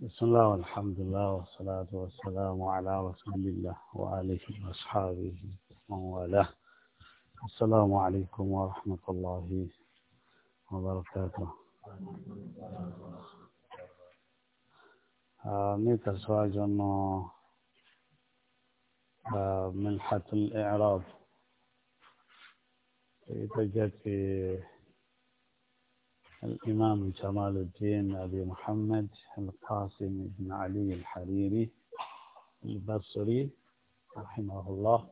بسم الله والحمد لله والصلاة والسلام على رسول الله وآله وأصحابه ومن والاه السلام عليكم ورحمة الله وبركاته آمين تسواج أنه منحة الإعراب يتجد في الإمام جمال الدين أبي محمد القاسم بن علي الحريري البصري رحمه الله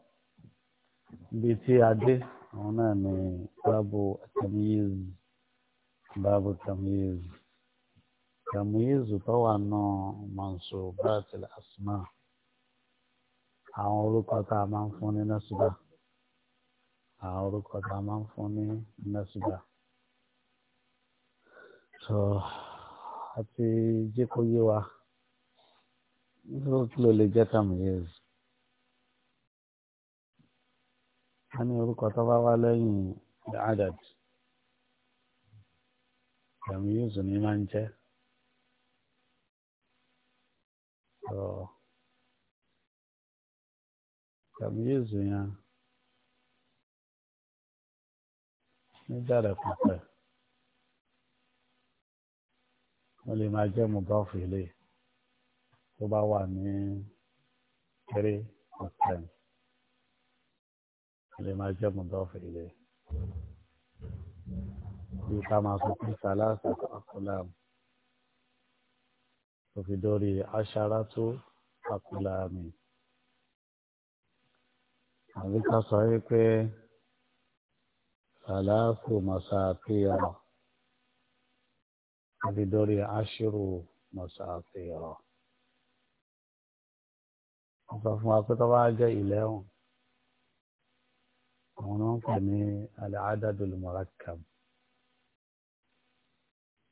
بيتي عدي هنا باب التمييز باب التمييز تمييز طبعا منصوبات الأسماء àwọn orúkọ tá a máa ń fún ní násùbà àwọn orúkọ tá a máa ń fún ní násùbà sọ àti jẹ́ kó yé wa kí ló lè jẹ́ tàmíyèsí. a ní orúkọ tó bá wá lẹ́yìn adad tàmíyèsí ni máa ń jẹ́. Tàmíyèsí yẹn nígbà rẹ̀ pàpẹ́. wọ́n lè máa jẹ́ mudọ́ọ̀fù ilé tó bá wà ní kéré ọ̀sẹ̀n wọ́n lè máa jẹ́ mudọ́ọ̀fù ilé bí ká máa sọ pé sàlásà akulam tó fi dórí aṣárátú akulami àbí ká sọ wípé sàlásù mọ̀sáàkì ọ̀rọ̀ àti dọ́rí aṣírò mọ̀sáfìrọ̀. wọ́n sọ fún wa pé tó bá jẹ́ ìlẹ́wọ̀n àwọn náà ń pè ní al-adadul murakkab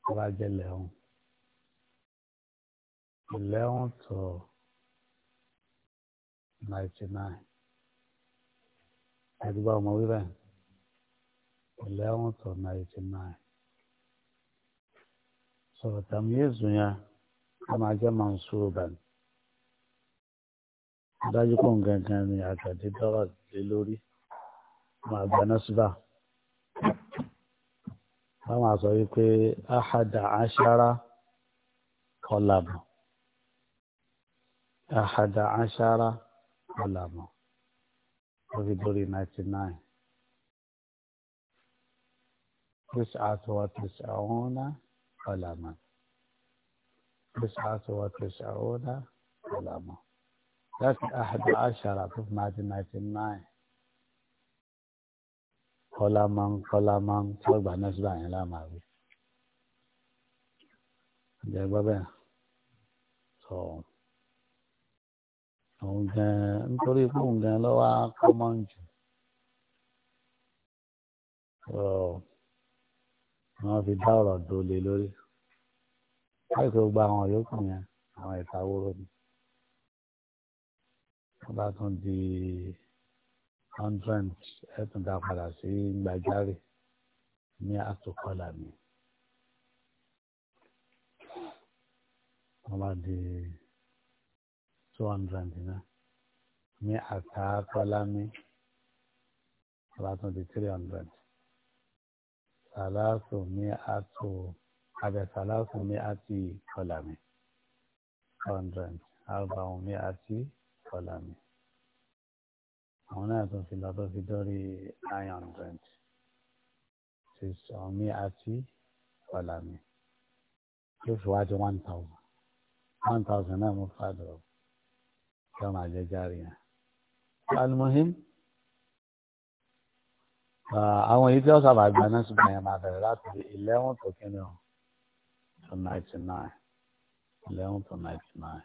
to ninety nine. Ẹgbẹ́ ọmọ wíwẹ̀ eleven to ninety nine sọ̀rọ̀ tàmíyèsù yẹn a máa jẹ́ mansuru bani dájú pọ̀ gangan ni àtàdé dọ́rọ̀ lé lórí máa gba nọ́sùbà wọ́n máa sọ wípé ahada ashara kọlàmù ahada ashara kọlàmù lórí lórí ninety nine. تسعة وتسعون قلما تسعة وتسعون قلما ذات أحد عشر في ماتماتيناين قلما قلما تربع نسبة إلى ما بي جايبا بيه صوم òun gan nítorí pé òun gan lọ́wọ́ á kọ́ wọ́n fi dá ọ̀rọ̀ dolè lórí láì tó gba àwọn yòókù yẹn àwọn ẹ̀ka wóró ni wọ́n bá tún di hundred ẹ̀ tún dá padà sí gbàjáre ní àtòkọ́là mi. wọ́n bá di two hundred náà ní àtàkọ́lá mi wọ́n bá tún di three hundred sàlásù ní àtò àbẹ̀ sàlásù ní àti kọlàmì hundred àbàwọn ní àti kọlàmì àwọn náà tó fi lọ tó fi dórí nine hundred six àwọn ní àti kọlàmì yóò fi wájú one thousand one thousand náà mo fà dọ̀rọ̀ kí wọ́n máa jẹ járe yẹn. almuhim àwọn èyí tí wọ́n sábà gbà náà ṣùgbọ́n yẹn máa bẹ̀rẹ̀ láti eleven to kínní o to ninety nine eleven to ninety nine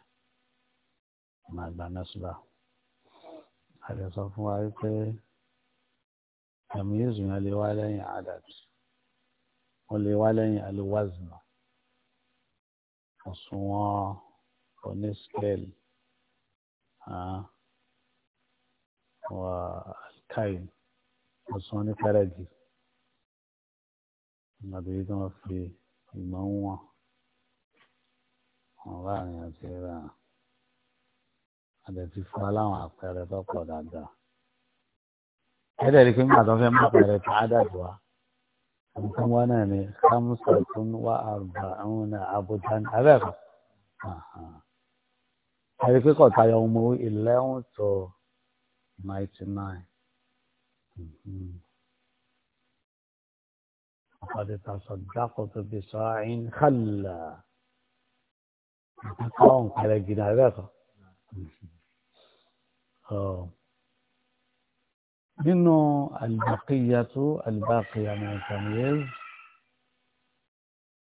máa gbà náà ṣùgbọ́n àlẹ́ sọ fún wa pé ẹ̀mí yéésù yẹn lè wá lẹ́yìn adat wọ́n lè wá lẹ́yìn aliwazina òṣùwọ̀n onískéèlì ah, wà alkain ọ̀sán ní pẹ́rẹ́jì àbí tí wọ́n fi ìmọ̀ ń wọ̀n wọn láàrin àti ra àdẹ̀tí fún aláwọn àpẹẹrẹ tó pọ̀ dáadáa ẹ̀dẹ̀ rí pé nígbà tó fẹ́ má pẹ̀rẹ̀ tá a dàdú wa nǹkan wọn náà ni kámúsà tó ń wá àrùbá àwọn náà àbújá ní abẹ́ẹ̀kọ́ ẹ̀rí pé kọ̀tayọ̀ ọmọ eleven to ninety nine. قد تصدقت بصاع خلا قوم على جنابته آه. منه البقية الباقية من التمييز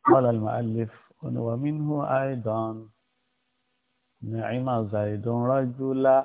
قال المؤلف ومنه أيضا نعم زيد رجل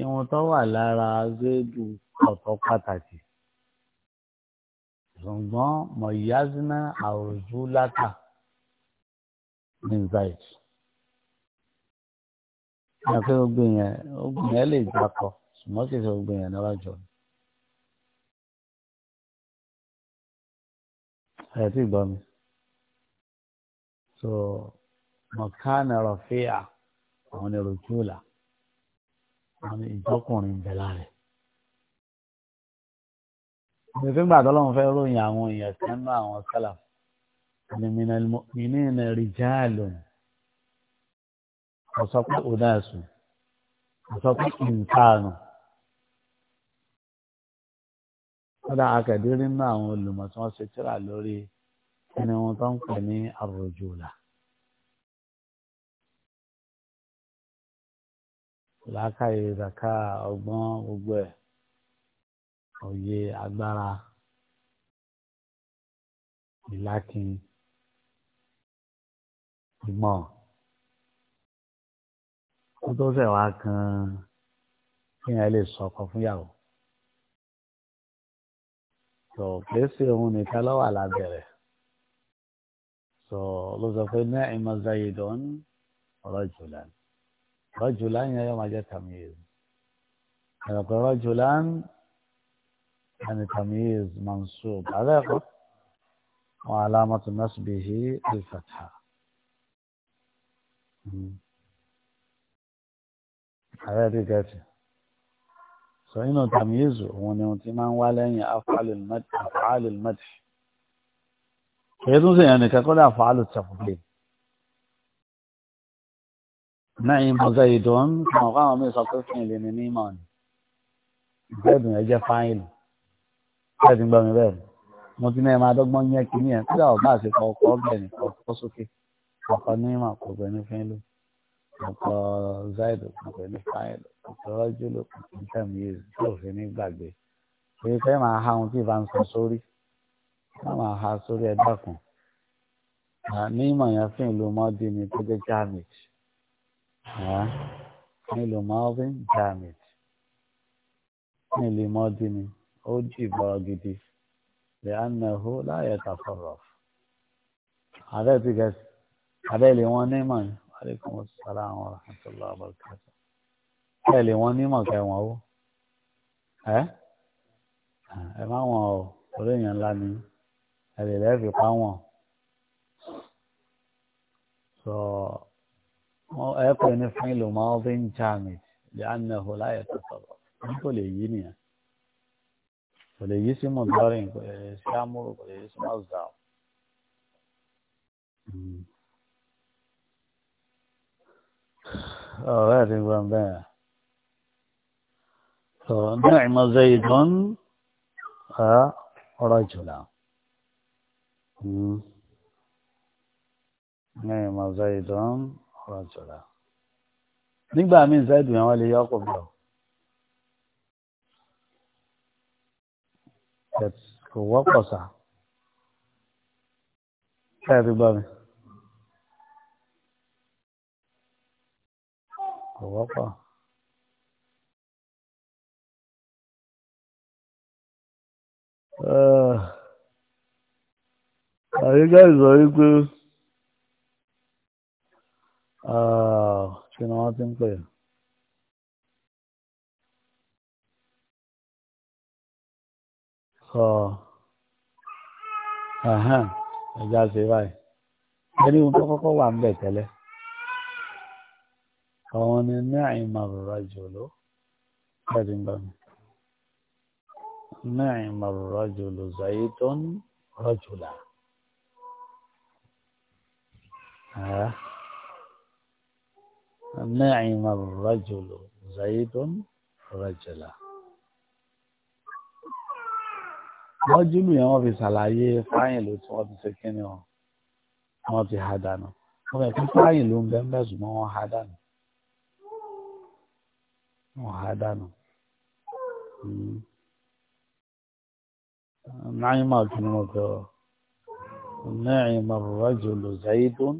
irun tó wà lára zéèdù ọ̀tọ̀ pàtàkì ṣùgbọ́n mọ̀yázínà àròjù látà ní zaid àfẹ́ ogun yẹn ogun yẹn lè gbàkọ ṣùgbọ́n kìí ṣe ogun yẹn níwájú ọ̀nà. ẹ̀ tí gbọ́ mi so mọ̀kánà rọ̀fíà àwọn èrò júùlà àmì ìjọkùnrin bẹ̀là rẹ̀. Ìgbésẹ̀ ńgbà tó lọ́n fẹ́ ròyìn àwọn èèyàn kan náà àwọn sálà. Àmì minal mu'minina rijalun. Ọ̀sọ́ pé òdáàsù. Ọ̀sọ́ pé ìǹkaànù. Kọ́dà akẹ́dẹ́rẹ́ nínú àwọn olùmọ̀ tí wọ́n ṣe tíra lórí ẹni wọn tó ń pè ní àròjùlà. làákàyè zaka ọgbọ́n gbogbo ẹ̀ òye agbára ìlákin ìmọ̀ kó tó fẹ́ wá kan kéèyàn lè sọ ọkọ fúnyàwó tó pèsè òun nìkan lọ́wọ́ àlábẹ̀rẹ̀ tó ló sọ pé ní ìmọ̀ zayidon rajulan. رجلان يا يوم جاء تمييز أنا أقول رجلان يعني تمييز منصوب علاقة وعلامة نصبه الفتحة هذه كافية فإنه تمييزه هو نوتيمان ولن أفعل المدح أفعال المدح هي إيه يعني كقول أفعال التفضيل نعيم زيد كما قام من صفين لنيمان زيد يجي فاعل زيد بن زيد mo ti náà máa dọ́gbọ́n yẹn kìíní ẹ̀ kí làwọn bá ṣe kọ ọkọ ọbẹ̀ ní ọkọ sókè ọkọ nímọ̀ kò pẹ̀ ní fínlú ọkọ zaidu kò pẹ̀ ní fáìlì ọkọ rọ́júlù kò pẹ̀ ní tẹ̀míyèsí tí òfin ní gbàgbé èyí fẹ́ máa ha ohun tí ìbá ń sọ sórí má máa ha sórí ẹ̀dá kan nímọ̀ nílùú malvin janet nílùú mọ́dínì ó jì bọ́rọ̀ gidi lẹ́hánà hó láyé tàfọ̀rọ̀ abẹ́ ti gẹ̀ẹ́sì abẹ́ lè wọ́n nímọ̀ aleykum salaam wa rahmatulah wa barakatuh abẹ́ lè wọ́n nímọ̀ kẹwọn o ẹ ẹ má wọn o orí èèyàn ńlá ni ẹ lè lẹ́ẹ̀fì pa wọn. So ẹ̀pẹ̀ ní fún ìlú mọ́ọ́dún james lẹ́ánàhó láyé tó sọ̀rọ̀ ní kò lè yí nìyẹn kò lè yí sí mọ̀lọ́rin kò lè yí sí amúrò kò lè yí sí mọ́ọ̀zà. ọ̀rẹ́ ti gbọ́n bẹ́ẹ̀. tó نعم زيد رجلا. نعم زيد rọ́jọ̀lá nígbà míì zaidu yẹn wọ́n lè yọ ọkọ̀ bọ̀ kò wọ́pọ̀ sá ẹ̀ ti gbọ́ mi kò wọ́pọ̀. Àyíká ìsọ̀rí pé. Ah, kí ni wọ́n ti ń pè é. sọ ẹja ṣe báyìí ẹni ohun tó kọ́kọ́ wà ń bẹ̀ tẹ́lẹ̀ àwọn ni ní àyìnbá rọra jòló bẹ́ẹ̀ gbà نعم الرجل زيد رجلا rọ́júlù yẹn wọ́n fi ṣàlàyé fáyìn ló tí wọ́n ti ṣe kíni o wọ́n ti ha dànù wọ́n fẹ́ fún fáyìn ló ń bẹ́ẹ̀ bẹ́ẹ̀ ṣùgbọ́n wọ́n ha dànù wọ́n ha dànù. náírà kí ni mo fẹ́ ọ náírà rọ́júlù zaidun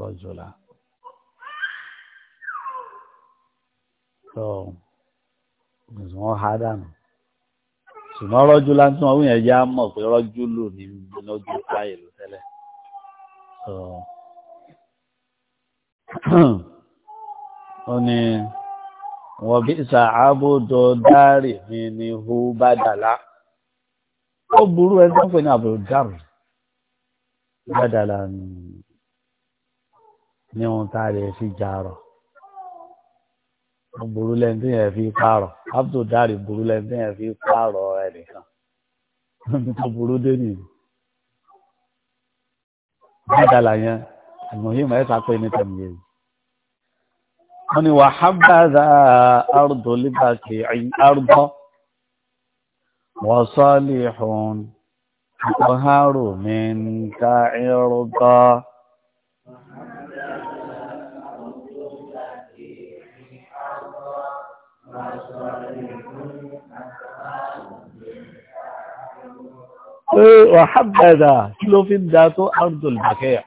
rọ́júlà. tó wọ́n há dànù ṣùgbọ́n rọ́jú láti wọn wíyẹn yá mọ̀ pé rọ́jú lù ní lójú táyé ló tẹ́lẹ̀ tó ó ní wọ́n bí sàábòdò dárì mi ni hu bá dàlá ó burú ẹ tó ní àbúrò dárì bá dàlá ni ohun tá a lè fi jà rọ̀ burú lẹ́ni tí yẹn fi pààrọ̀ abdul dari burú lẹ́ni tí yẹn fi pààrọ̀ ẹnìkan tó burú dé nìyí. bàdàlà yẹn àlùmọ̀yìnbó ẹ̀ sápẹ́ ní tẹ̀míyẹ. wọ́n ní wàhábàdà àrùdọ̀ líbàkì àrùdọ̀ wọ́sọ́lì hùn ọ̀hárùn mi ń ká ẹ̀rọ وحبذا كلو في ذاته أرض البكاء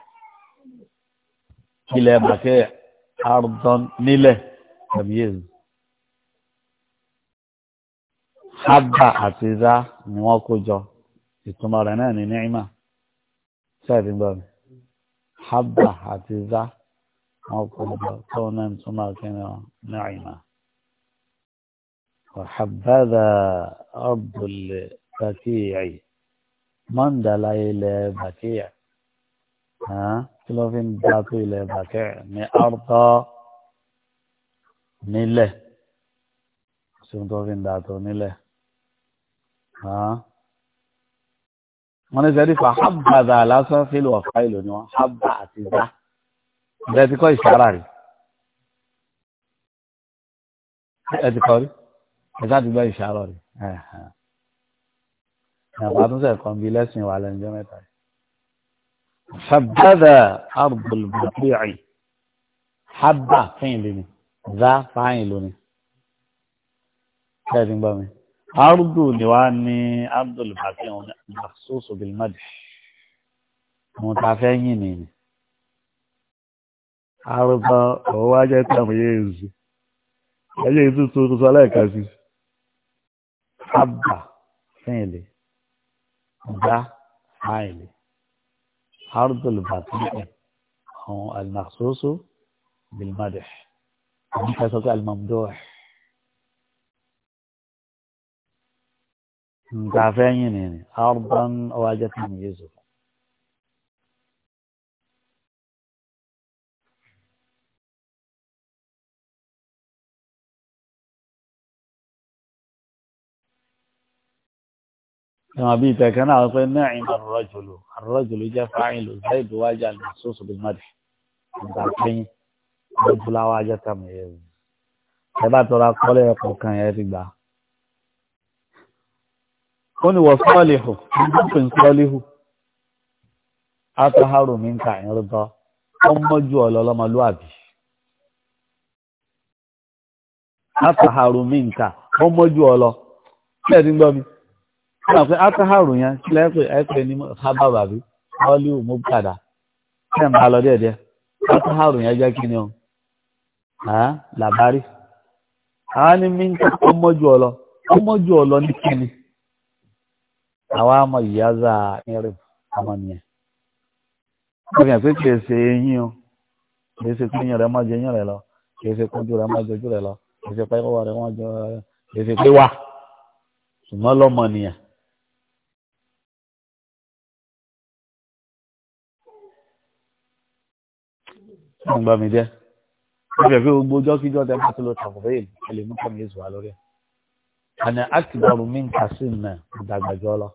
كلا بكاء أرضا نلة تبيز حبا عتيزا نواكوجا يتمارنا نعمة سادين بابي حبا عتيزا نواكوجا تونا تمارنا نعمة وحبذا أرض البكيع mọ́ndàlá ilẹ̀ bàkíyà kí ló fi ń dá tó ilẹ̀ bàkíyà ní àrùtọ́ nílẹ̀ sí tó fi ń dá tó nílẹ̀ wọ́n ní sẹ́rí fa hábàdà lásán fílù ọ̀fà ìlú ni wọ́n hábà àti dá bẹ́ẹ̀ ti kọ́ ìṣàrà rí ẹ ti kọ́ rí ẹ àbátúnṣe kan bíi lẹ́sìn wà lẹ́njọ́ mẹ́ta yìí. fàbẹ́dà arbulbàbíì hábà fẹ́yìn lónìí zá fáyìn lónìí. kẹ́ẹ̀dín gbọ́ mi. ardu ni wàá ní abdulbàbíì ọ̀hún maksus bilmadi. mo ta fẹ́ yìn nìyí. arúgbó òun wá jẹ́ pé àwọn yéé zu. ẹ̀yẹ́ ìtútù sọ lẹ́ẹ̀kan sí. hábà fẹ́yìn lónìí gbá fáìlì ardul batilẹ àwọn alimaksoso bilmadẹ àwọn kẹsàn pé alimamdọ nǹkan afẹ́yìn nìyẹn ardan ọwọ́ ajá tó كما بي تكنا أقول نعم الرجل الرجل جاء فاعل زيد واجع المخصوص بالمدح متعقين رجل واجع تمييز ẹ̀bá tọrọ akọ́lẹ̀ ẹ̀kọ́ kan ẹ̀ ti gbà á. ó ní wọ́n sọ́ọ̀lìhù nígbà tó ń sọ́ọ̀lìhù átáhàrù mi ń ka ìrìntọ́ ó mọ́jú ọ̀lọ́ ọlọ́mọlúàbí. átáhàrù mi ń ka ó mọ́jú ọ̀lọ́ bẹ́ẹ̀ ti ń gbọ́ mi wọ́n pẹ́ átáhàrù yẹn sílẹ̀ pé ẹ̀pẹ́ ní sábà bàbí ọ́líwù mú padà ń bá lọ díẹ̀díẹ̀ átáhàrù yẹn jẹ́ kí ni o làbárí àwọn ni mí ń tọ́ ọmọjú ọlọ ọmọjú ọlọ ní kíni àwa mọ ìyáza irin ọmọ nìyẹn wọ́n fi hàn pé kì í ṣe eyín o kì í ṣe pé eyín rẹ mọ́ jẹ eyín rẹ lọ kì í ṣe pé ojú rẹ mọ́ jẹ ojú rẹ lọ kì í ṣe pé ọwọ́ rẹ mọ́ jẹ kì í ṣe pé wà ṣùgbọ́n lọ́mọ nìyẹn. ń gbọ́ mi jẹ́ ìbẹ̀ fi gbogbo ọjọ́ kíjọ́ tẹ bá ti lọ tàbí bẹ́ẹ̀ ẹ lè mú kàmí èso wa lórí ẹ̀ àná akibaru mi nka sí mẹ ìdàgbàjọ lọ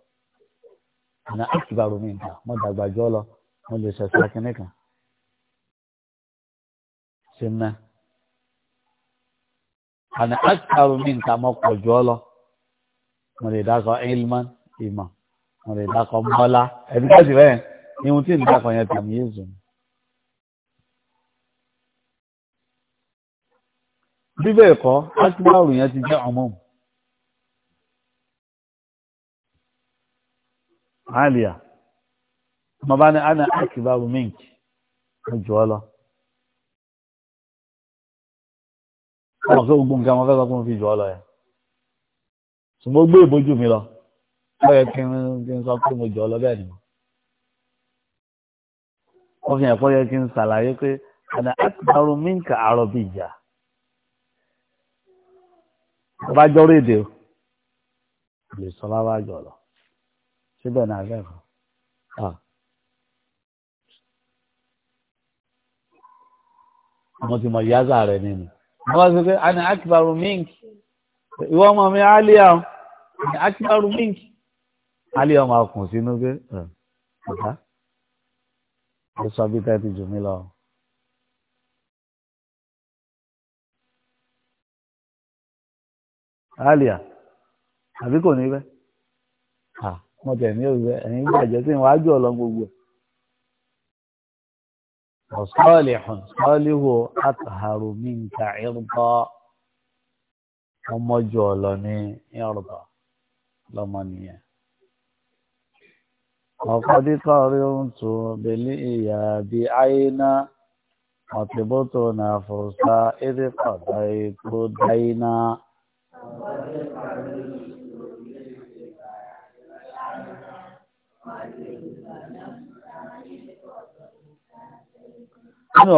àná akibaru mi nka mo dàgbàjọ lọ mo lè ṣẹṣẹ kínní kan sí mẹ àná akibaru mi nka mo pọ̀jọ lọ mo lè dákọ̀ ilman ìmọ̀ mo lè dákọ̀ mọ́lá ẹ̀dínkàtì bẹ́ẹ̀ ni ohun tí ń dákọ̀ yẹn tàbí èso mi. bí bẹ́ẹ̀ kọ́ akíbáàrù yẹn ti jẹ́ ọmọ mu. àlìyà mo bá ní ana akíbáàrù mink mo jù ọ lọ. ọmọ sọ gbogbo nǹkan mo fẹ́ sọ pé mo fi jù ọ lọ yẹn. ṣùgbọ́n gbé ìbòjú mi lọ ó yẹ kí n sọ pé mo jù ọ bẹ́ẹ̀ ni wọ́n fi hàn pé ó yẹ kí n ṣàlàyé pé ana akíbáàrù mink àròbìjà ọba jọrọ èdè o lè sọ lábá jọ lọ síbẹ̀ náà lẹ́kọ̀ọ́ mo ti mọ ìyáza rẹ nínú wọ́n sọ pé àni akibaru mink ìwọ ọmọ mi aliya o àni akibaru mink aliya ọmọ akùn sínú pé ọ̀gá ó sọ bí tẹ́tí jù mí lọ. àlìyà àbí kò ní bẹ́ wọn tẹ̀ ní òwúrẹ́ ẹ̀yìn bàjẹ́ sí iwájú ọ̀lọ́ gbogbo ẹ̀ ọ̀sọ́ọ̀lìhùn sọ́ọ̀lìhù àtàrù mí nǹka ìrùbọ́ ọmọjú ọ̀lọ́ ní ìrùbọ́ lọ́mọ nìyẹn. وقد قررت بالإياب عينا وطبت نفسا nínú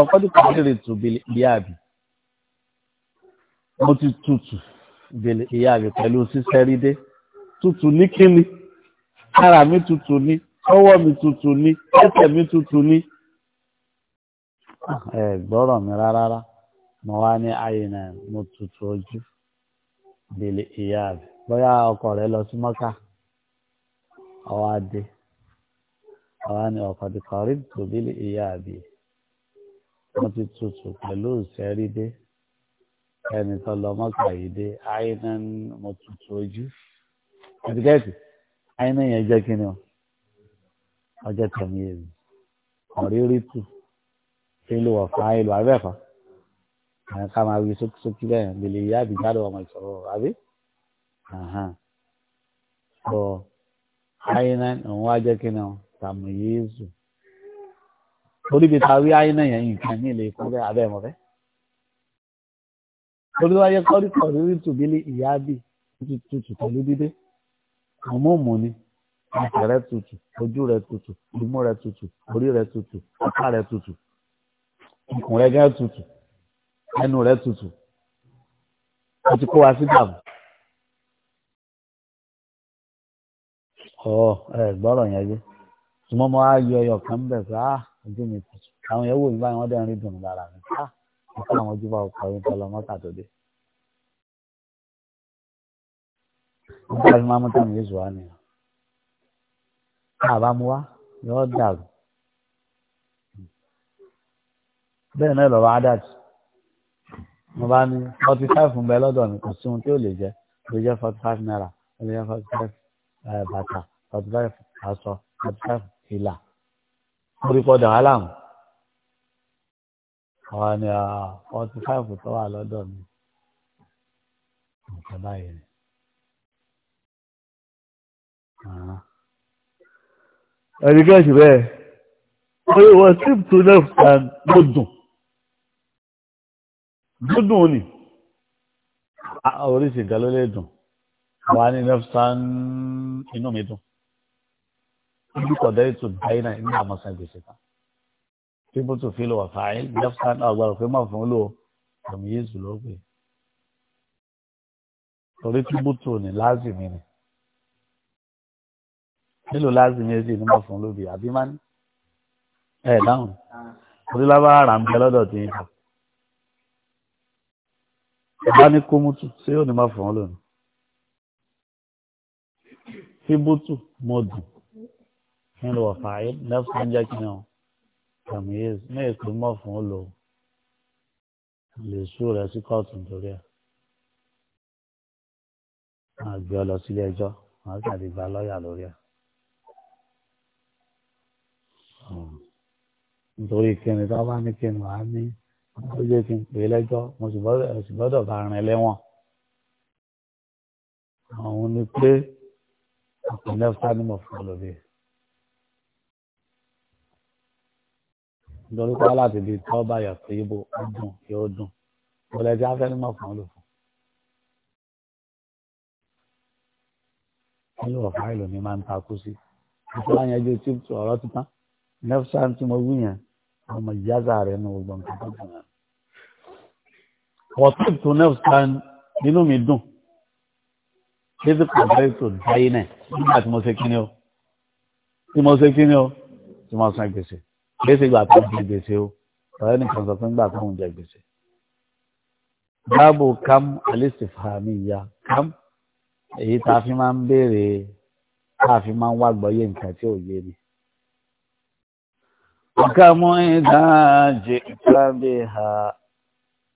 ọkọ tí kò lè tù bíyàbí mo ti tutù bíyàbí pẹ̀lú sísẹ́rídé tutù ní kíni ara mi tutù ní ọwọ́ mi tutù ní ẹsẹ̀ mi tutù ní. Ah, ẹ gbọ́rọ̀ mi rárá mo wá ní àyè àyìnà mo tutù ojú. bèlè ìyá rẹ̀ bóyá ọkọ rẹ̀ lọ sí mọ́ká ọwọ́ adé ọwọ́ ni ọkọ̀ ti kọ̀rí tó bèlè ìyá àbí wọ́n ti tutù pẹ̀lú ìṣẹ́rí dé ẹni tó lọ mọ́ká yìí dé àyínà mo tutù ojú ẹ̀dùkẹ́tì àyínà yẹn jẹ́ kí ni o ọjọ́ tẹ̀mí yẹn rí ọ̀rí rí tù kí ló wọ̀ fún àyè lọ abẹ́fà ká máa wí sókí bẹ́ẹ̀ lèlè yá àbíjádọ ọmọ ìṣòro àbí ọ àyínà òun wá jẹ́ kí ni ọ tàmù yéésù torí bí ta wí àyínà yẹn nǹkan ní ilé ikú bẹ́ẹ̀ abẹ́ mọ́fẹ́ torí wáyé kọ́rí kọ́rí rí tùbílì ìyá bì tutù pẹ̀lú dídé àmúmù ni ẹsẹ̀ rẹ tutù ojú rẹ tutù imú rẹ tutù orí rẹ tutù apá rẹ tutù ikùn rẹ gẹ́ tutù ẹnu rẹ̀ tutù ó ti kó wa sí dàbò. ọ ẹ gbọ́rọ̀ yẹn yé sùmọ́ mo á yọ ọyọ kan bẹ̀ pé á ah, ojú mi tutù àwọn yẹn wò mí báyìí wọ́n dẹ̀ ń rí dùn lára mi á ah, mo kọ́ àwọn ojú bá ọkọ̀ yín tọ́lọ mọ́tà tó dé. nígbà tí máa mú tàmí yéṣu wá nìyẹn àbá mu wá yọ ọ́ dàrú bẹ́ẹ̀ náà lọ́wọ́ adájú mo bá ní forty five ń bẹ lọ́dọ̀ mi kò sí ohun tí ò lè jẹ́ ó lè jẹ́ forty five naira ó lè jẹ́ forty five bàtà forty five aṣọ forty five ìlà orí pọ̀ dàwálà mu àwa ni forty five tó wà lọ́dọ̀ mi nǹkan báyìí ni. ẹnì kẹ́sì bẹ́ẹ̀ wọ́n ti tún náà mo dùn dúdùn ni oríṣi nǹkan ló lè dùn wà ní nefsan inú mi dùn ibi kọ̀dẹ́ ètò dáínà ní àmọ́sán gbèsè kan tí mo tún fi lọ wà fàáyín nefsan ọgbàrún pé máa fún un lò ọmọ yéésù ló pè torí tí mo tún ní láàzìmí ni nílò láàzìmí èsì ni máa fún un lóbi àbí máa ní ẹ̀ dáhùn ah. orí lábára ń bẹ lọ́dọ̀ tí ń kọ́ ọba ní kómútù ṣé yóò ní má fọ́n lónìí fíbútù mọ́dù nínú ọ̀fà ayé nẹ́fún jẹ́ kí náà kàmí yé ní èkó mọ́ fún ó lò lè sú rẹ̀ sí kóòtù nítorí ẹ̀ máa gbé ọ lọ sílé ẹjọ́ máa kàdé gba lọ́ọ̀yà lórí ẹ̀ hmm. nítorí kíni tó bá ní kíni wàá ní ó jẹ́ kí n pè é lẹ́jọ́ mo sì gbọ́dọ̀ bá rìn lẹ́wọ̀n àwọn ni pé àpẹẹrẹ sanimọ̀ fún ọlọ́bẹ̀ nítorí pé láti di tọ́ba yàtọ̀ yíbo ó dùn yóò dùn wọlé tí afẹ́nimọ̀ fún ọlọ́fún. ní ọ̀fà ìlú ni máa ń takú sí ìṣọ́ àyànjú tí ọ̀rọ̀ ti tán nẹ́fṣà tí mo wí yẹn ọmọ ìyá zàrẹ̀ nù gbọ̀ngàn tó dùn yẹn wọ́tíb tó nẹ́fùsán nínú mi dùn lébi pàdé tó dáyé náà nígbà tí mo ṣe kíní o tí mo ṣe kíní o tí mo san gbèsè gbèsè gbà tó di gbèsè o ọ̀rẹ́ nìkan sọ pé ńgbà tó ń jẹ gbèsè. báàbò kam alistifhami ya kam èyí tá a fi máa ń béèrè tá a fi máa ń wá gbọ́yé nǹkan tí ò yé ni. ọ̀ká mú ìdájẹ́ ìtura bí ha.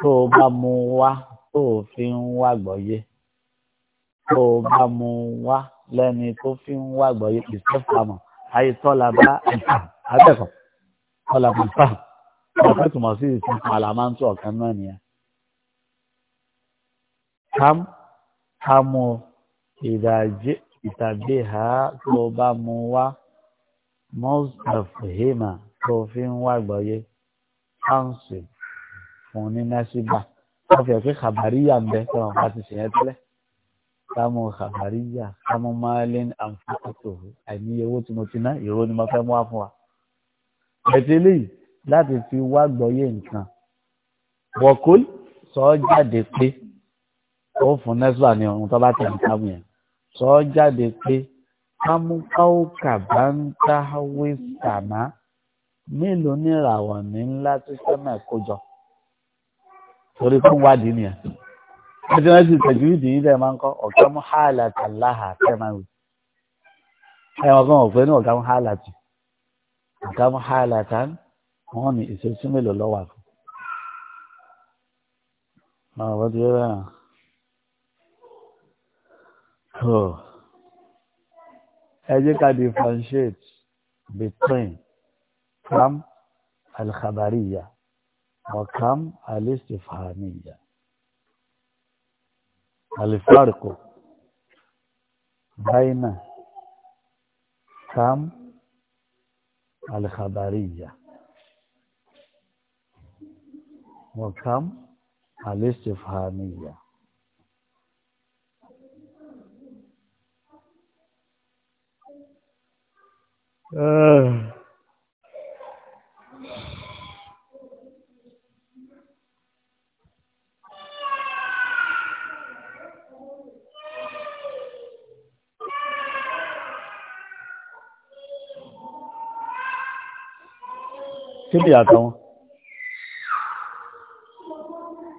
tó o bá mú wá tó o fi ń wá gbọ́yé tó o bá mú wá lẹ́ni tó fi ń wá gbọ́yé ìsẹ́fàmọ̀ ayé tọ́lá bá ẹ̀fà abẹ́kọ̀ tọ́lá bá fà ọ̀fẹ́ túmọ̀ sí ìsìnkú àlàmántú ọ̀kan náà nìyẹn. kam kamu ìdajì ìtàgé ha tó o bá mú wá mọ́sàfù tó o fi ń wá gbọ́yé fún ní násìbà wọ́n fi ẹ̀fẹ́ kàbàríyà ń bẹ tọ́wọ́n bá ti ṣèyẹn tẹ́lẹ̀ sámú kàbàríyà sámú máàlín àǹfààtò àìníye owó tí mo ti ná ìró ni mo fẹ́ mú wá fún wa. ẹ̀tẹ́ eléyìí láti fi wá gbọ́yé nǹkan wọ́kúl sọ ọ́ jáde pé ó fún nẹ́sùlà ní ọ̀run tó bá tẹ̀ ń sámú yẹn sọ jáde pé sámú bá ń táwé sàmá mélòó ní ìràwọ̀ ní ńlá tí sẹ́mẹ̀ kó jọ torí fún wádìí nìyẹn ẹjọ náà sì tẹjú ìdí yìí dẹ máa ń kọ ọkà mú hàlà tàláhà tẹ máa ń wù ẹwọn kan ọ̀fẹ́ ní ọkà mú hàlà tì mú hàlà wọn ní ìṣesí mélòó lọ wà fún. àwọn ti yẹ bẹ́ẹ̀ hàn. ẹ jẹ́ ká differentiate between from al-khabariya. وكم الاستفهامية الفرق بين كم الخبرية وكم الاستفهامية آه. síbi àtàwọn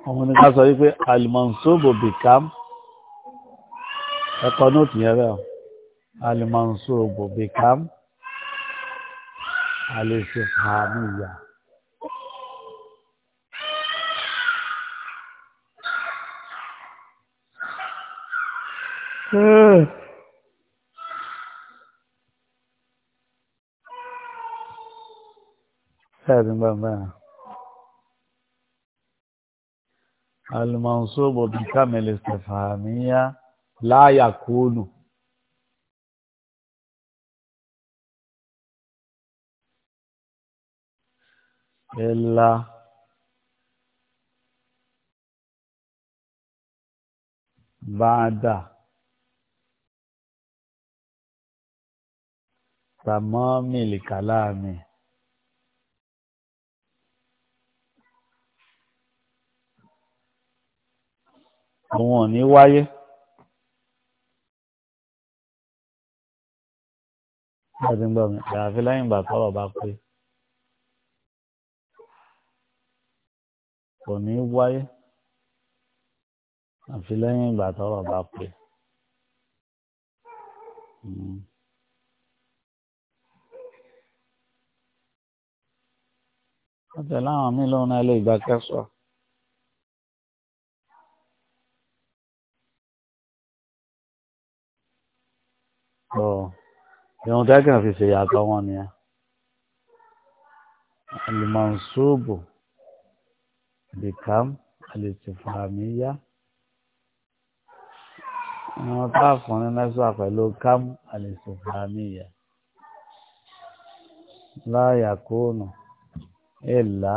ọmọ ní ká sọ wípé alimansobo bikam ẹ̀kọ́ nóòtù yẹn rẹ̀ alimansobo bikam alẹ́sẹ̀fàmìyà Hmm. المنصوب بكامل استفهامية لا يكون إلا بعد تمام الكلام àwọn ò ní wáyé láti ń gbọ́ mi àyàfi lẹ́yìn ìgbà tọ́rọ̀ bá pé kò ní wáyé àfi lẹ́yìn ìgbà tọ́rọ̀ bá pé. Mm-hmm. ọ̀tẹ̀ mílíọ̀nù náà lè gba ọ ìwọ̀n tí a kàn fi ṣèyàtọ̀ wọn nìyẹn alimansubu bikam alitifamiya wọn tá a fún ní nẹ́sà pẹ̀lú kam alitifamiya láyà kóònù ìlà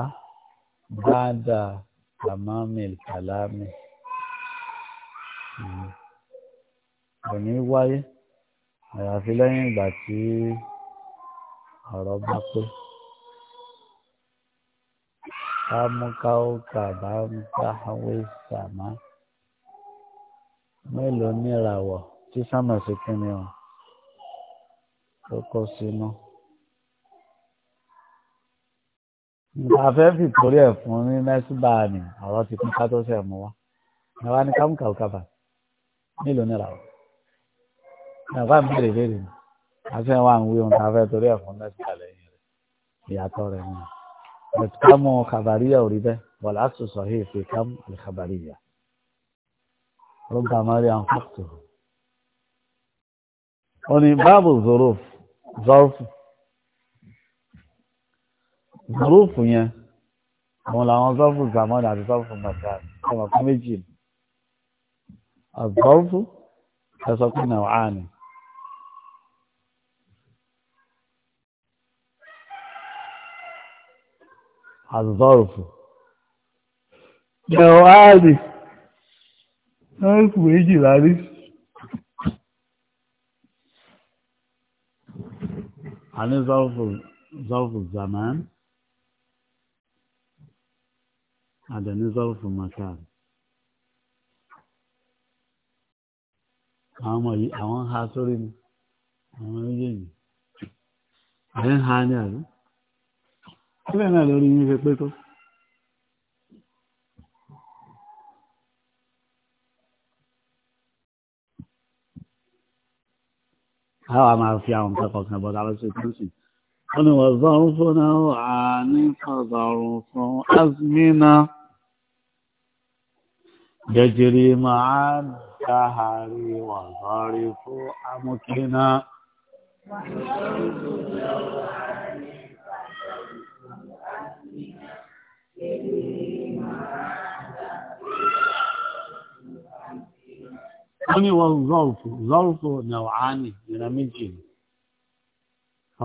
bàdà tamamil kalami hmm. kò ní wáyé àyàfi lẹ́yìn ìgbà tí ọ̀rọ̀ bá pé ká mú káwókà bá ń káwé sàmá mélòó níràwọ̀ tí sámà sí kíni o tó kó sínú. nǹkan afẹ́ fi torí ẹ̀ fún ní mẹ́síbà ni ọ̀rọ̀ ti kún ká tó ṣẹ̀ mú wa ẹ wá ní kámú káwókà bá mélòó níràwọ̀ nàfà ń bèrè bèrè ni afẹ́ wa ń wí ohun tá a fẹ́ torí ẹ̀fọn lẹ́sìn àlẹ́ yẹn rẹ̀ ìyàtọ̀ rẹ̀ ni ẹ̀kámù kàbàríyà ò rí bẹ́ẹ̀ wọ̀lá sọ̀sọ̀ yìí fi kámù kàbàríyà rọ́bà mari àǹfààtò ó ní báàbù zorofu zorofu zorofu yẹn àwọn làwọn zorofu zamani àti zorofu mazal ọmọ méjì ni azorofu ẹ̀sọ́ pé nàá wà á ni. àzọ́rùfù ẹ̀rọ ààrẹ ẹ̀rùkù méjìlá rí a ní zọ́rùfù zaman àdẹ̀ní zọ́rùfù makar àwọn ọmọ yìí àwọn ha sórí ni àwọn méjèèjì àyẹ́ ha ní àrí sílẹ̀ náà lórí yín fi pé tó. Àwọn àmà fi àwọn nǹkan kọ̀ọ̀kan bọ́dá lọ́sẹ̀ tó sì. Wọ́n ni wọ́n zọ́rún fún náà à ní kọ̀zọ̀rún fún Azmina. Jẹjẹrẹ máa dáhàrí wà zọ́rí fún Amúkínà. náà wọ́n ní wọ́n zọ́ọ̀fù zọ́ọ̀fù nàwàání ìrìnà méjì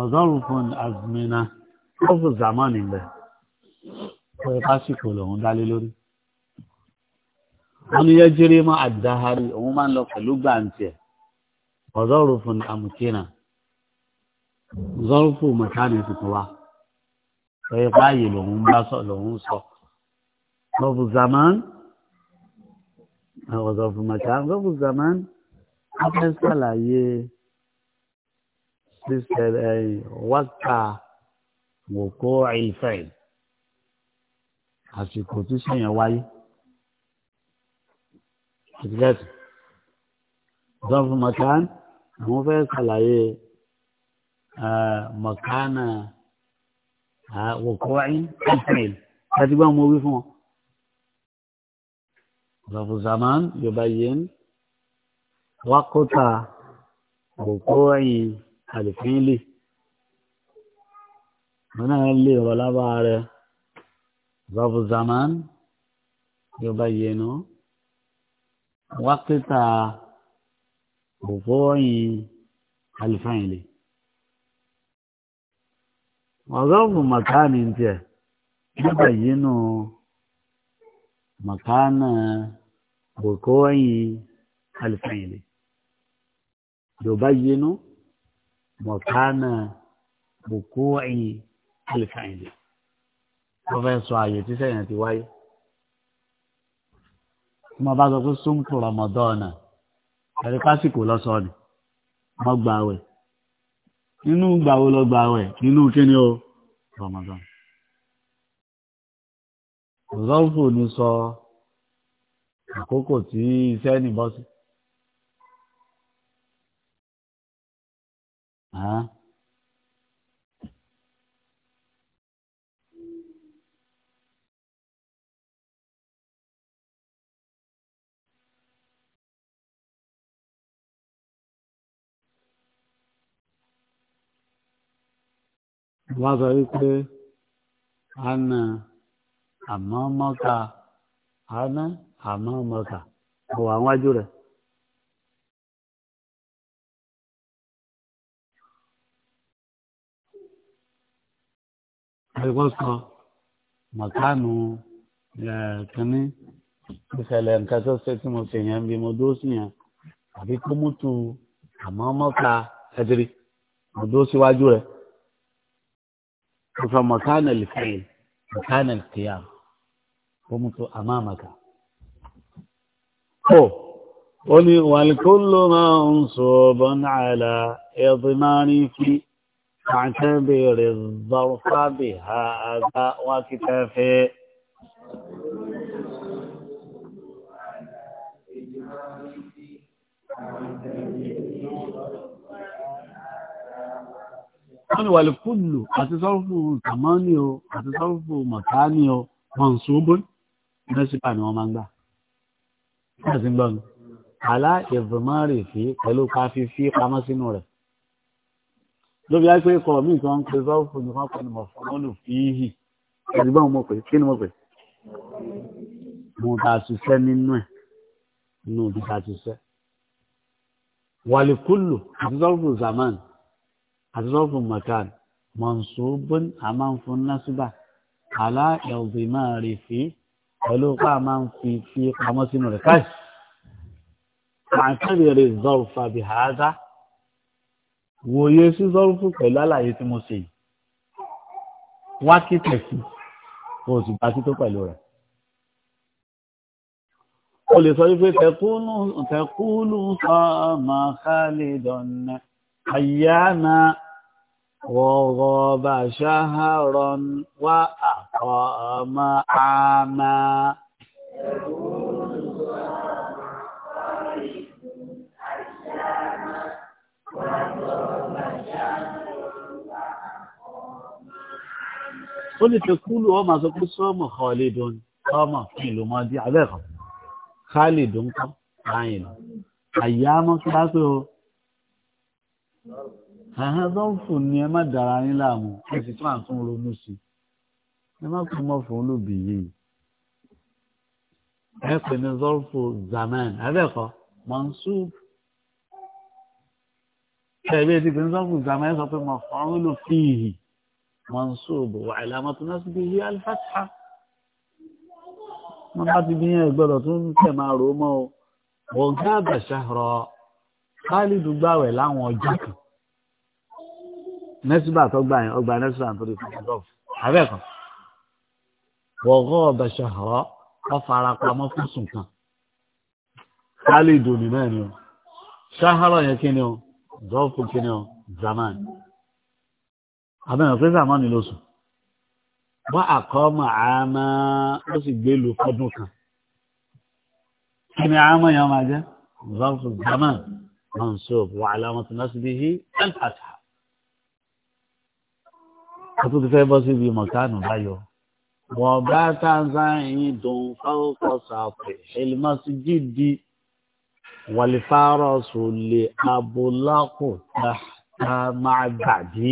ọ̀zọ́ọ̀fù àzmìnà zọ́ọ̀fù zamani bẹ̀ pé pásíkò lòun dálé lórí wọ́n ní yẹ́ jírí mọ́ àdáhárí òun máa ń lọ pẹ̀lú gbàǹtì ẹ̀ ọ̀zọ́ọ̀fù àmùtínà zọ́ọ̀fù lọ́yẹ páàyè lòun bá sọ lòun sọ lọ́bù zaman ọ̀sọ̀ fùmọ̀tà lọ́bù zaman afẹ́ sàlàyé wákà wòkó ìfẹ́ àsìkò tí sẹ́yìn wáyé ìdílẹ́tì ọ̀sọ̀ fùmọ̀tà àwọn fẹ́ sàlàyé mọ̀kánà. وقوع الفعل كاتبه موي فون ظرف الزمان يبين وقت وقوع الفعل هنا اللي ولا بار ظرف الزمان يبين وقت وقوع الفعل ọ̀rọ̀rùn màkánì ń tiẹ̀ nígbà yìí nù màkánà bòkó ẹ̀yìn alifẹ̀yìnlè yorùbá yìí nù màkánà bòkó ẹ̀yìn alifẹ̀yìnlè wọ́n fẹ́ sọ àyè tí sẹ́yìn ti wáyé tí wọ́n bá sọ pé sóńkù rọmọdọ́ọ̀nà ẹ̀rí pásíkò lọ́sọ̀ọ́ wọ́n gbà wẹ̀ nínú gbàwó lọ gbàwẹ̀ nínú kíni o Ramadan rọ́fù ni sọ àkókò tí iṣẹ́ nìbọ́sí. Huh? wọ́n sọ wípé ana àmọ́ mọ́ka ana àmọ́ mọ́ka mo wà wájú rẹ̀. Ẹ̀gbọ́n sọ mọ̀kánù kínní ìṣẹ̀lẹ̀ nǹkan tó ṣe tí mo ṣe yẹn bí mo dúró sí yẹn àbí kó mú tu àmọ́ mọ́ka ẹ̀dírí mo dúró síwájú rẹ̀. فمكان الفعل مكان القيام قمت أمامك هو قولي والكل منصوب على إضمان في تعتبر الظرف بها أداء وكتافه wọ́n ni wàlẹ̀ fúlù àti sọ́rọ̀fù tàmánì o àti sọ́rọ̀fù mọ̀tánì o wọ́n ṣubú mẹ́sìpà ni wọ́n máa ń gbà. wọ́n ti gbọ́ mi àlá ìfòmárì fi pẹ̀lú káfí fi pamọ́ sínú rẹ̀. lóbi á pé kọ̀ mí kan pé sọ́rọ̀fù ni wọ́n pè ní mọ̀fọ́nù fíhì ẹ̀dùgbọ́n mo pè kí ni mo pè. mo ta ṣiṣẹ́ nínú ẹ̀ nínú ibi ta ṣiṣẹ́. wàlẹ̀ fúlù àti sọ́rọ̀fù zamani azọ́fù makan mọ̀nsúbùn a máa ń fún násùbà àlá ẹ̀wùbí máa rè fi pẹ̀lú pa máa ń fi fi pamọ́ sínú rẹ̀ káì. Màkàrí rè zọ́ọ̀fà bí hàádá. Wòye sí zọ́ọ̀fù pẹ̀lú àlàyé tí mo àyànà وغاب شهرا وأقام عاما. ọmọ àmà. ó ní tẹkúlù ọmọ sọ pé sọmọ khalidun ọmọ fún ìlú mọdí abẹ́ẹ̀kọ́ khalidun kọ́ láyìn àyà mọ́ kí bá pé o àhán tó ń fò ní ẹ má dára yín láàmú ẹ sì tún àtún ronú sí ẹ má kú mọ́ fún olùbí yìí ẹ pè ní zolfo zaman abẹ́kọ̀ mansoub tẹ̀lé ti pè ní zolfo zaman ẹ sọ pé mo fọ́n ló fi hì mansoub wà ìlàmọ́tò náà sì fi hì alifásitì bá ti bí yẹn gbọ́dọ̀ tó ń tẹ̀ máa rò ó mọ́ o ọ̀gá àbàṣà rọ kálídùú gbàwẹ̀ láwọn ọjọ́ kan nẹ́sìbà tó gbà yẹn ọgbà nẹ́sìbà nítorí fún gọ́ọ̀f abẹ́ẹ̀kan wọ̀gọ́ ọ̀bẹ̀ ṣahọ́ ọ fara pamọ́ fún sùn kan kálí ìdòdì náà ni o ṣáhárọ̀ yẹn kí ni o gọ́ọ̀fù kí ni o zaman abẹ́ẹ̀kan pé zaman ló sùn wọ́n àkọ́mọ̀ àmà ó sì gbé lu ọdún kan kí àmà yẹn máa jẹ́ gọ́ọ̀fù zaman mansoub wà á lámọ́tò náà sì bí hí ẹ̀ ń wọ́n tún ti fẹ́ bọ́ síbi mọ̀kánù báyọ̀. wọ́n bá tanzania dùn fáwọ́kọ̀ sàpè ẹlẹ́mọ̀sí jídi wàlífàárọ̀sù lè abúlákù tá máa gbàdí.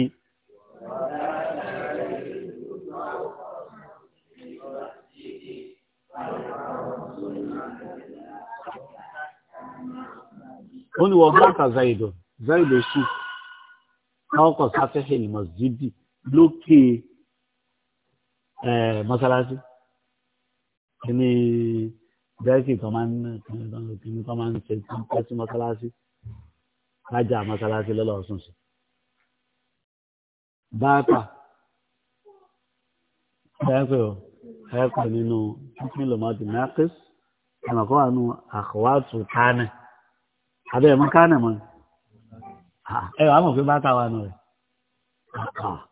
ó ní wọ́n bá ta zaido zaido sùn fáwọ́kọ̀ sáfẹ́ ẹlẹ́mọ̀sí lókè eh, mọ́sálásí kíní dẹ́kì kan máa ń kíní kan máa ń ṣe kí n pẹ́ sí mọ́sálásí lájà mọ́sálásí lọ́lọ́ ọ̀sùn sí. báàkà ẹ̀ẹ́pẹ̀ o ẹ̀ẹ́pẹ̀ nínú kíkín lòmọ́dì nákìs ẹ̀mọ̀ kọ́ wà nù àkọ́wàtú kánẹ̀ abẹ́ ẹ̀mọ́ kánẹ̀ mọ́ ah, ẹ̀ wàá mọ̀ pé báàkà wà nù rẹ̀ kàkà. Ah, ah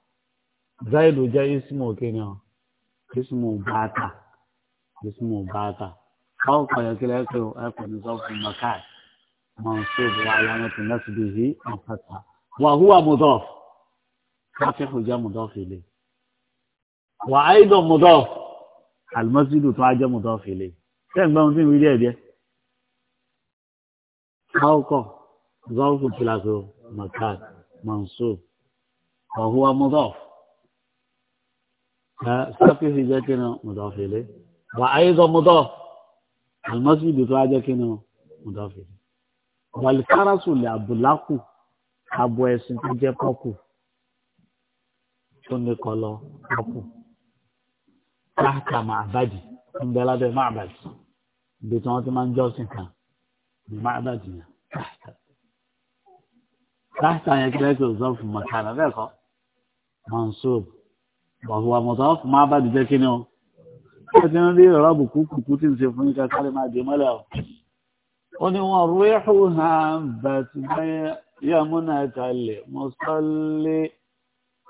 zailu jẹ́ ismu kini o ismu bata ismu bata aw kọyọ kila ẹkọ ẹkọ ní sọfù makai mansub wa alamatu nasbihi afata wa huwa mudaf fatihu jẹ́ mudaf ilé wa aidan mudaf almasidu tó ajẹ́ mudaf ilé sẹgbẹ ohun tí ń wílé ẹdẹ aw kọ sọfù kila ẹkọ makai mansub wa huwa sáàkì sì jẹ́ kínú mùdọ̀fẹ̀lẹ́ wà áyézọ mùdọ̀ àlùmọ́sídì tó á jẹ́ kínú mùdọ̀fẹ̀lẹ́ wàlìkárasù lè àbùlákù abo ẹ̀sìn tó jẹ́ pọ́pù tó ní kọlọ pọ́pù káàkà máa bàjì ń bẹ lábẹ́ máa bàjì ibi tí wọ́n ti máa ń jọ́sìn kan ní máa bàjì yẹn káàkà yẹn kí lẹ́sìn òzọ́ fún mọ̀kànlá bẹ́ẹ̀ kọ́ mansoub wàhùwà mọ̀tọ́ fún máa bá dìjẹ́ kí ni ọ ẹ ti ń rí ọ̀rọ̀ àbùkù kùkù tí ń ṣe fún yíká kárí máa dé mọ́lẹ̀ ọ. ó ní wọn rú ẹ̀hù hàn bàtí bẹ́yà múnà kalẹ̀ mọ́sálẹ́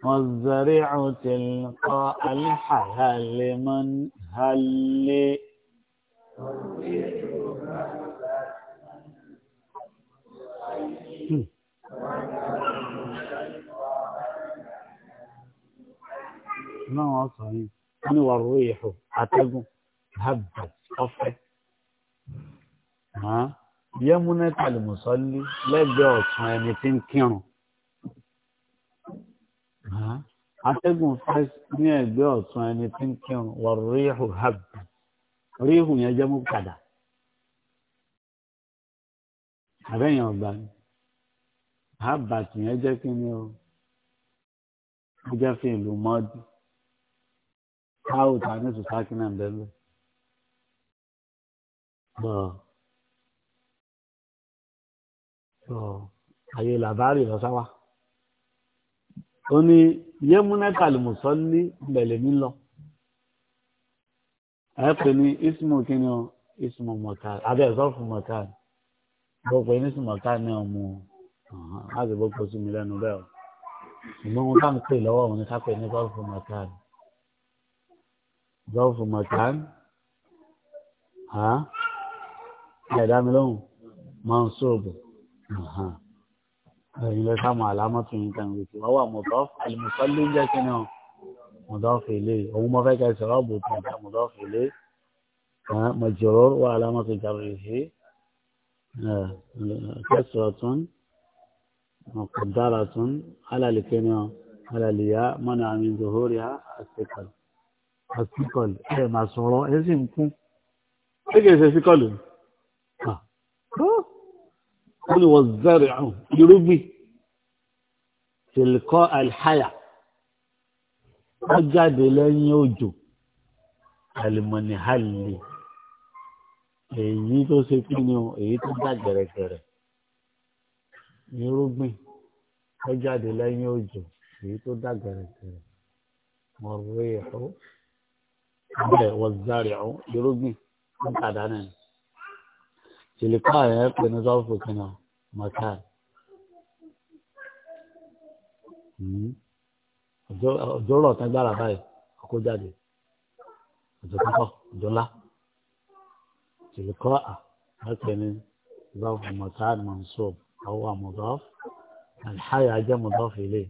mọ́sálẹ́ ọ̀tẹ̀ lọ́kọ́ aláhàlẹ́ mọ́hálẹ́. náà wọ́n sọ yìí wọ́n ní wàá ròyìn ìhò àtẹ́gùn àbẹ̀ ọ̀fẹ́ yẹmúnẹ́ tàlùmùsọ́lí lẹ́gbẹ̀ẹ́ ọ̀tún ẹni tí ń kírun atẹ́gùn fẹ́ ní ẹ̀gbẹ́ ọ̀tún ẹni tí ń kírun wà ríhù hàbù ríhù yẹn jẹ́ mú padà àbẹ́yẹn ọ̀gbà ni hàbàtì yẹn jẹ́ kí ni o ó jẹ́ fi ìlú mọ́dún táwù tá a ní sùsáàkì náà ń bẹ́ẹ̀ bọ́ bọ́ àyè làbárì lọ́sáwá ó ní yẹ́múnẹ́tà lùmùsọ́lì bẹ̀lẹ̀ mi lọ ẹ pè ní ismu kínní o ismu mọ̀kàrì abẹ́ ẹ̀sọ́fù mọ̀kàrì bó pè ní ismu mọ̀kàrì náà mú un láti bó kó sí mi lẹ́nu bẹ́ẹ̀ o ṣùgbọ́n mo ظرف مكان ها اعلام لون منصوب ها هي سامع علامة كان هو مضاف المصلي ده كان مضاف اليه هو ما فاكر سرابه مضاف اليه ها مجرور وعلامة جره كسرة مقدرة على لكنه على الياء منع من ظهورها الثقل àsìkọlù ẹ mà sọ̀rọ̀ ẹ sì ń kún ẹ kì í ṣe síkọlù ni wọ́n ni wọ́n zẹ́rẹ̀ ọ̀hún irúgbìn tìlkọ́ àlháyà wọ́n jáde lẹ́yìn òjò àlùmọ̀nì hàlì èyí tó ṣe kí ni o èyí tó dá gẹ̀rẹ́gẹ̀rẹ́ irúgbìn wọ́n jáde lẹ́yìn òjò èyí tó dá gẹ̀rẹ́gẹ̀rẹ́ mọ̀rẹ́ ẹ̀họ́ bẹ́ẹ̀ wọ́zárì ọ̀ irúgbìn ń padà náà tìlíkọ́ yẹn pè ní sọ́ọ̀fù kìnnà mọ̀kàn. Hmm. ọjọ́ rọ̀ tán gbára báyìí ọkọ̀ jáde ọjọ́ púpọ̀ ọjọ́ ńlá tìlíkọ́ à pè ní sọ́ọ̀fù mọ̀kàn mọ̀nsọ́ọ̀bù àwọn àmọ̀dọ́f àlháyà ajẹ́ mọ̀dọ́f ilé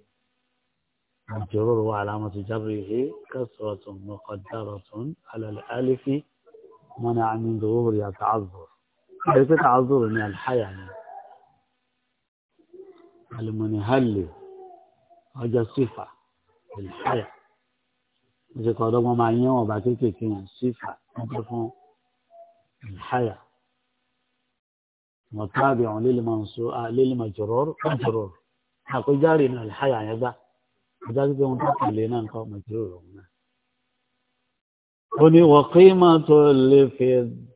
الجرور وعلامة جره كسرة مقدرة على الألف منع من ظهور يتعذر كيف تعذر من يعني الحياة المنهل هذا صفة الحياة إذا قال ما معنيه وبعد كده صفة الحياة متابع للمجرور مجرور حق جاري من الحياة هذا يعني ọjọ́ gbígbé ohun tó tẹ̀lé náà nǹkan ọmọ ìjíròrò òun náà. ó ní wọ̀kímọ̀ tó lè fi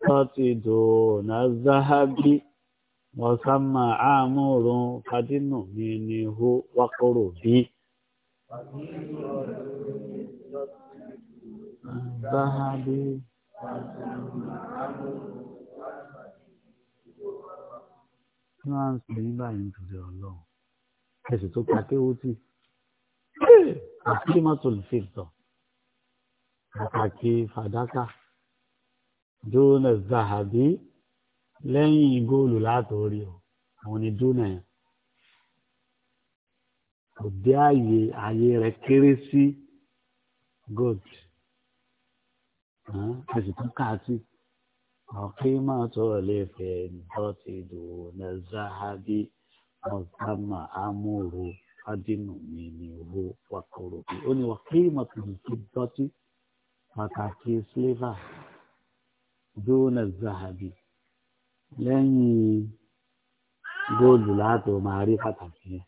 tọ́tì dòòna záhábí wọ́n sámà àmúrun fadínù mi ni hó wákòrò bí. záhábí. kí wọ́n á ń sìn ní báyìí nítorí ọlọ́run ẹ̀sìn tó ka kéwú tì àti mọ́tòlùfẹ́tọ̀ pàtàkì fàdákà dúnà zahabi lẹ́yìn góòlù látòrí o àwọn ni dúnà yẹn òde ààyè ààyè rẹ̀ kéré sí gold a sì tún káàtì ọ̀kí máa tó lè fẹ́ dọ́tí dùnà zahabi ọ̀sán máa amúrò adínú mi ni owó wakọrọ bí ó ní wọn kí mọtòkì kí dọtí pàtàkì sílẹfà dúnà zahabi lẹ́yìn góòlù láti máa rí pàtàkì yẹn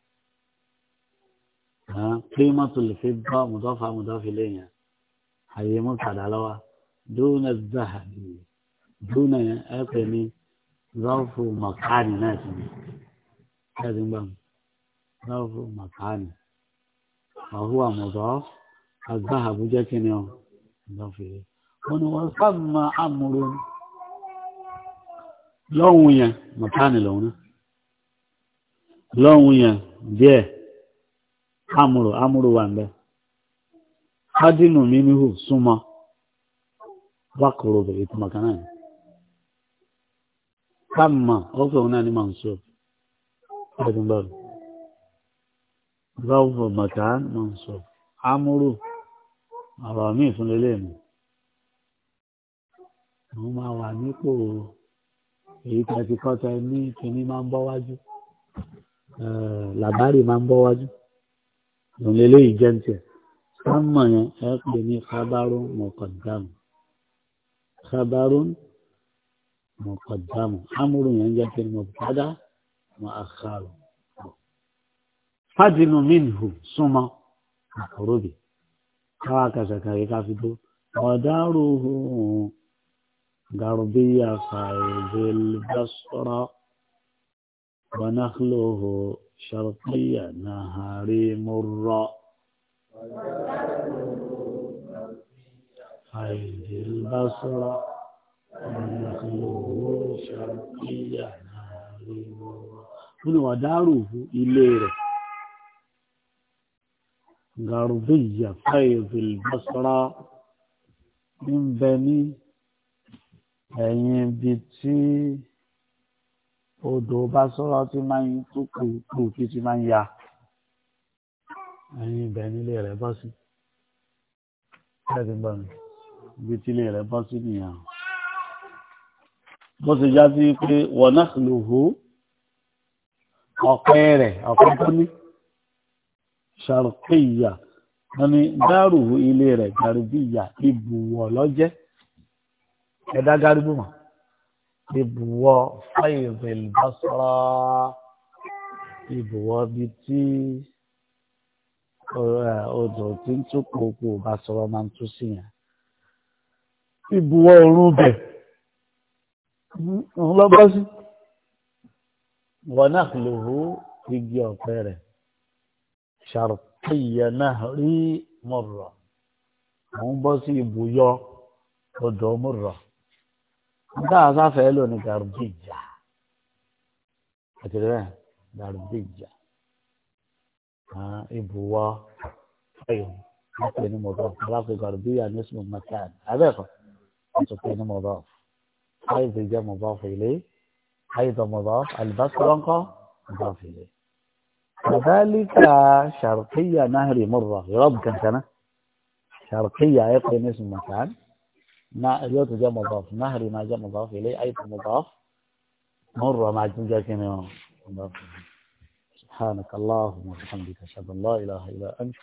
kí mọtòkì kí dọ mọdọfà mọdọfì lẹ́yìn àyè mọ padà lọ́wọ́ dúnà zahabi dúnà ẹ pè ní zọfù mọkàní náà sí mi ẹ ti ń gbà mí. ظرف مكان وهو مضاف الذهب جاكن يوم مضاف إليه هنا وسمى أمر لون يا مكان لونه لون يا دي أمر أمر وانبه حدن منه سما وقرب إتمكنان سمى أوكي هنا منصوب هذا rọ́ọ̀bù mọ̀kán mọ̀nsọ̀ amúrù ọ̀rọ̀ míì fún lélẹ̀ mi mo máa wà nípò èyí tí a ti kọ́ tẹ ní kíní máa ń bọ́ wájú làbárì máa ń bọ́ wájú òun lélẹ́yìí jẹ́ ń tiẹ̀ sámọ̀ yẹn ẹ pè ní kábàrún mọ̀kọ̀dámù kábàrún mọ̀kọ̀dámù amúrù yẹn ń jẹ́ kí ni mọ̀kádà mọ̀ àkàrò fájìnnù mínú súnmọ́ àkọ́rọ́bì káwá kàṣàkàrí ká fi tó ọ̀dàrú gàrúbíyà fàìbẹ́lbásọ́rọ́ wọnáflóhù ṣàrpíyà nàhárí múrọ́ fàìbẹ́lbásọ́rọ́ wọnáflóhù ṣàrpíyà nàhárí múrọ́. wọ́n ní wọ́n dárò ilé rẹ̀ gàrúbíyà fáyọ̀bìl البصرة، ń bẹ ní ẹ̀yìn ibi tí odò bọ́sọ́rọ́ ti máa ń tó kù kí ti máa ń ya ẹ̀yìn ibẹ̀ nílé rẹ̀ bọ́ sí ẹ̀dínbọ̀n ibi tí ilé rẹ̀ bọ́ sí nìyàn bó ṣe já sí pé wọ̀nà lòhó ọ̀pẹ rẹ̀ ọ̀pẹ tó ní ṣàrùkìyà wọn ni dárùhù ilé rẹ̀ gàrúbíyà ibùwọ̀ lọ́jẹ́ ẹ̀dá gàrúbù mọ̀ ibùwọ̀ fáyìrìl bàṣọ́rọ̀ ibùwọ̀ bíi tí eh, odò tí ń tún kókó bàṣọ́rọ̀ máa ń tún sí yẹn ibùwọ̀ òórùn bẹ̀ ń lọ́gbọ́sí wọn náà lò ó igi ọ̀pẹ rẹ̀ ṣàròpéyẹ náà rí mọ̀rọ̀ mò ń bọ́ sí ibùyọ odò mọ̀rọ̀ nígbà sáfẹ́ lónìí gàrúbìjà àtìrẹ́ gàrúbìjà ibùwọ ayọ̀ wọ́n pè ní mọ̀rọ̀ aláfẹ́ gàrúbìjà ní sùn mẹ́tàn abẹ́ẹ̀kọ́ wọ́n tún pè ní mọ̀rọ̀ ayọ̀ ìjẹ́ mọ̀rọ̀ fèlè ayọ̀ mọ̀rọ̀ àlùbáṣọ́ lọ́nkọ́ mọ̀rọ̀ fèlè. كذلك شرقية نهر مرة يراب كان سنة شرقية أيضا اسم مكان اليوت جاء مضاف نهر ما جاء مضاف إليه أيضا مضاف مرة ما جاء مضاف سبحانك اللهم وبحمدك أشهد أن لا إله إلا أنت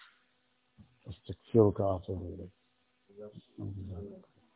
أستغفرك وأتوب إليك